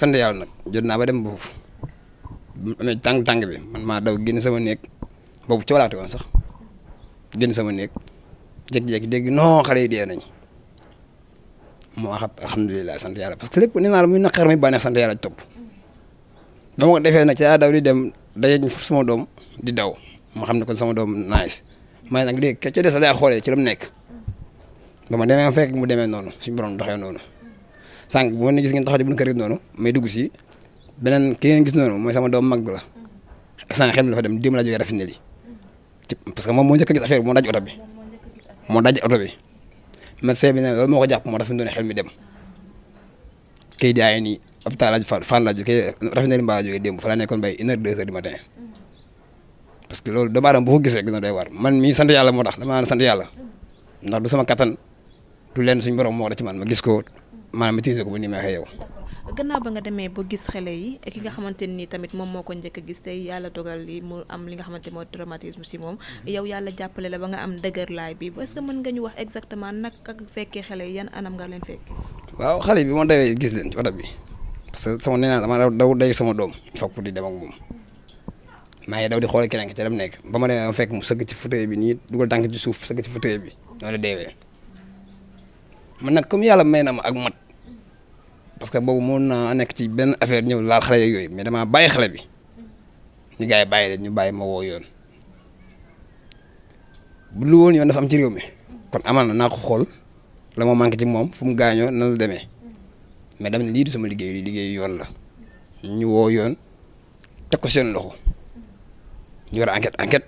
sant yàlla nag jot naa ba dem boofu bu amee tàng-tàng bi man maa daw génn sama néeg boobu coolaate woon sax génn sama néeg jékki-jékki dégg non xale yi dee nañ moo waxat alhamdulilah sant parce que lépp nee naa muy naqar muy bànneex sant yàlla topp ba ma ko defee nag ci daw di dem dajeeg sama doom di daw ma xam ne kon sama doom nice may nag léegi ca des a daa xoolee ci la mu nekk ba ma demee fekk mu demee noonu suñu borom doxee noonu. sànq bu ngeen gis ngeen taxaw ci buñu kër gi noonu may dugg si beneen ki ngeen gis noonu mooy sama doom mag la sànq xel mi dafa dem démb laa jógee rafiné li parce que moom moo njëkk a gis moo daj bi moo daj oto bi médecin bi moo ko jàpp moo rafetlu ne xel mi dem kay jaay nii hôpital laaj fan fan laaj kay rafiné li mbaa jógee démb fa laa nekkoon bay une heure deux heures matin parce que loolu doomu aadama bu ko gis rek dina doy waar man mii sant yàlla moo tax damaa sand yàlla ndax du sama kattan du leen suñ borom moo da ci man ma gis ko maanaam maîtriser ko bu ni ma waxee yow. gannaaw ba nga demee ba gis xale yi ki nga xamante ni tamit moom moo ko njëkk a gis tey yàlla dogal li mu am li nga xamante mooy traumatisme ci moom mm-hmm. yow yàlla jàppale la ba nga am dëgërlaay bi que mën nga ñu wax exactement nag ak fekkee yan anam nga leen fekk. waaw bi gis leen bi parce que sama nee naa dama daw day sama doom fokk di dem ak moom maa ngi daw di xool keneen ki ca dem nekk ba ma demee fekk mu sëgg ci fauteuil bi nii dugal tànk ci suuf sëgg ci fauteuil bi noonu la deewee man nag comme yàlla ma parce que boobu mën naa nekk ci benn affaire ñëw laal xale yooyu mais damaa bàyyi xale bi ñu gars yi bàyyi leen ñu bàyyi ma woo yoon bu lu woon yoon dafa am ci réew mi kon amal na naa xool la moo manqué ci moom fu mu gaañoo nan la demee mais dama ne lii du sama liggéey lii liggéey yoon la ñu woo yoon te ko seen loxo ñu war a enquête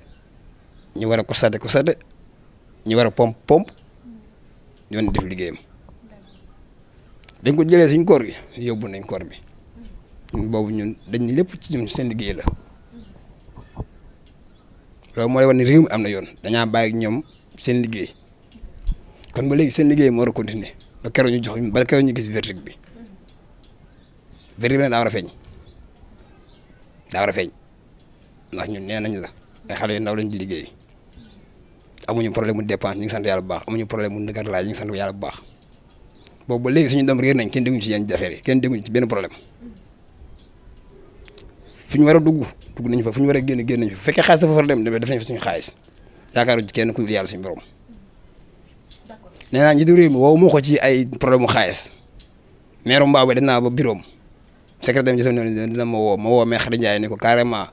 ñu war a constaté constaté ñu war a pompe pompe yoon def liggéeyam. dañ ko jëlee suñ koor gi yóbbu nañ koor bi boobu ñun dañ lépp ci ñun seen liggéey la loolu moo lay wane ni réew mi am na yoon dañaa bàyyi ñoom seen liggéey kon ba léegi seen liggéey moo war a continuer ba keroog ñu jox ba keroog ñu gis verdict bi verdict bi nag daa war a feeñ daa war a feeñ ndax ñun nee nañ la ay xale yu ndaw lañ di liggéey amuñu problème mu dépense ñu ngi sant yàlla bu baax amuñu problème mu ndëgër laay ñu ngi sant yàlla bu baax. boobu ba léegi suñu doom réer nañ kenn dégguñu ci yenn affaire yi kenn dégguñu ci benn problème fu ñu war a dugg dugg nañ fa fu ñu war a génn génn nañ fa bu fekkee xaalis dafa war a dem def nañ fa suñu xaalis yaakaaru kenn ku dul yàlla suñu borom nee naa njiitu réew ko ci ay problème xaalis maire Mbao ba dinaa ba bureau am secrétaire bi dina ma woo ma woo mais Khady Ndiaye ne ko carrément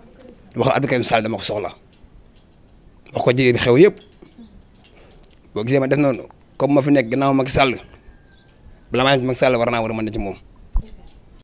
wax Abdou Karim Sall dama ko soxla wax ko jigéen bi xew yëpp boo gisee ma def noonu comme ma fu nekk gannaaw Macky Sall balaa maa yem ci Macky Sall war naa war a mën